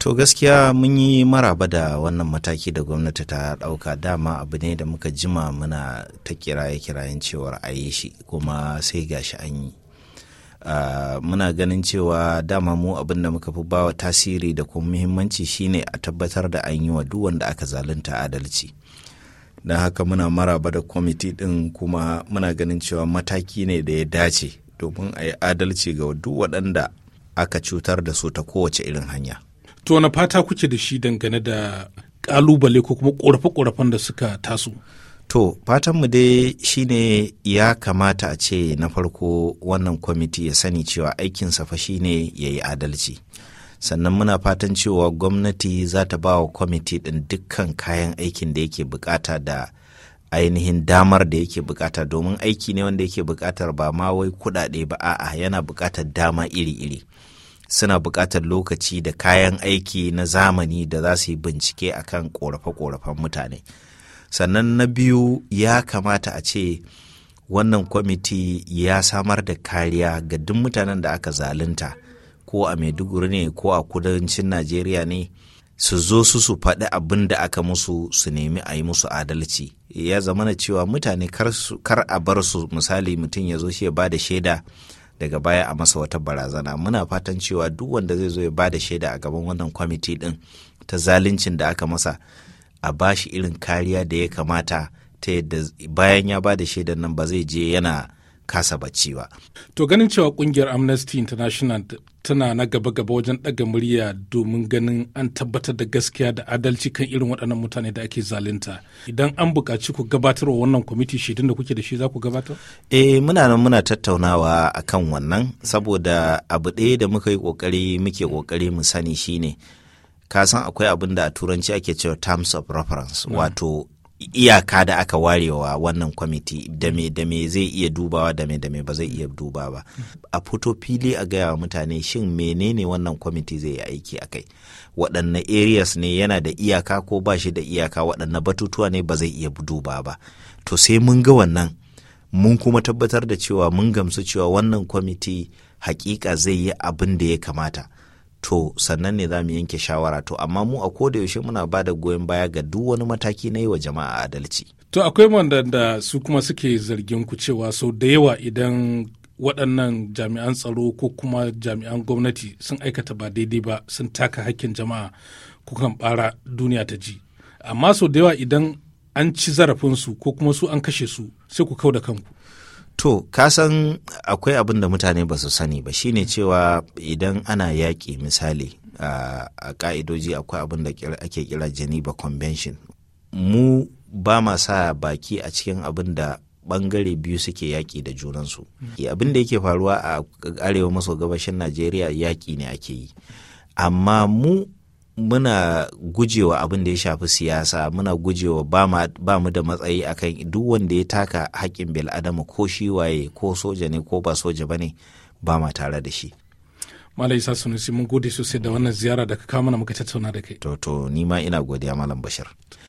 to gaskiya mun yi maraba da wannan mataki da gwamnati ta dauka dama abu ne da muka jima muna ta kiraye kirayen cewar a yi shi kuma sai gashi an yi ah, muna ganin cewa dama mu abin da muka fi bawa tasiri da kuma muhimmanci shine a tabbatar da an yi wa duk wanda aka zalunta adalci don haka muna maraba da kwamiti din kuma muna ganin cewa mataki ne da ya dace domin a yi adalci ga duk waɗanda aka cutar da su ta kowace irin hanya. To na fata kuke da shi dangane da ƙalubale ko kuma ƙorafe-ƙorafen da suka taso? To, fatanmu dai shi ne ya kamata a ce na farko wannan kwamiti ya sani cewa aikinsa fa ne ya yi adalci. Sannan muna fatan cewa gwamnati za ta ba wa kwamiti ɗin dukkan kayan aikin da yake bukata da ainihin damar da yake bukata domin aiki ne wanda yake bukatar ba ma wai kuɗaɗe ba a'a yana bukatar dama iri-iri. suna buƙatar lokaci da kayan aiki na zamani da za su yi bincike akan ƙorafe-ƙorafen mutane sannan na biyu ya kamata a ce wannan kwamiti ya samar da kariya ga duk mutanen da aka zalunta ko a maiduguri ne ko a kudancin najeriya ne su zo su su faɗi abin da aka musu su nemi a yi musu adalci ya zama na cewa mutane kar a bar su misali mutum ya zo shi ya ba da shaida daga baya a masa wata barazana muna fatan cewa duk wanda zai zo ya ba da shaida a gaban wannan kwamiti din ta zaluncin da aka masa a ba shi irin kariya da ya kamata ta yadda bayan ya ba da shaidan nan ba zai je yana kasa bacci ba. To ganin cewa kungiyar Amnesty International tana na gaba-gaba wajen ɗaga murya domin ganin an tabbatar da gaskiya da adalci kan irin waɗannan mutane da ake zalunta. Idan an buƙaci ku gabatarwa wannan kwamiti shidin da kuke da shi za ku gabatar? Eh muna nan muna tattaunawa akan wannan saboda abu ɗaya da muka yi ƙoƙari muke ƙoƙari mu sani shine ka san akwai abin da a turanci ake cewa terms of reference mm. wato iyaka da aka warewa wannan kwamiti da me zai iya dubawa da me ba zai iya duba ba a fito fili a gaya mutane shin menene wannan kwamiti zai yi aiki a kai waɗanne areas ne yana da iyaka ko ba shi da iyaka waɗanne batutuwa ne ba zai iya duba ba to sai mun ga wannan mun kuma tabbatar da cewa mun gamsu cewa wannan kwamiti hakika zai yi abin da ya kamata to sannan ne za mu yanke shawara to amma mu a koda yaushe muna ba da goyon baya ga duk wani mataki na yi wa jama'a adalci to akwai wanda su kuma suke zargin ku cewa sau da yawa idan waɗannan jami'an tsaro ko kuma jami'an gwamnati sun aikata ba daidai ba sun taka hakkin jama'a kukan ɓara duniya ta ji amma sau da yawa idan an ci zarafinsu ko kuma su an kashe su sai ku kau da kanku To, kasan akwai abin da mutane ba su sani ba shine cewa idan ana yaƙi misali a ƙa'idoji akwai abin da ake kira Geneva Convention. Mu ba ma sa baki a cikin abin da bangare biyu suke yaƙi da junansu. Abin da yake faruwa a arewa maso gabashin Najeriya yaƙi ne ake yi. Amma mu muna gujewa abin da ya shafi siyasa muna gujewa ba mu da matsayi akan duk wanda ya taka haƙƙin bil'adama ko shi waye ko soja ne ko ba soja ba ne ba ma tare da shi Malam Isa Sunusi mun gode sosai da wannan ziyara da ka kama muka tattauna da kai. To to ni ma ina godiya Malam Bashir.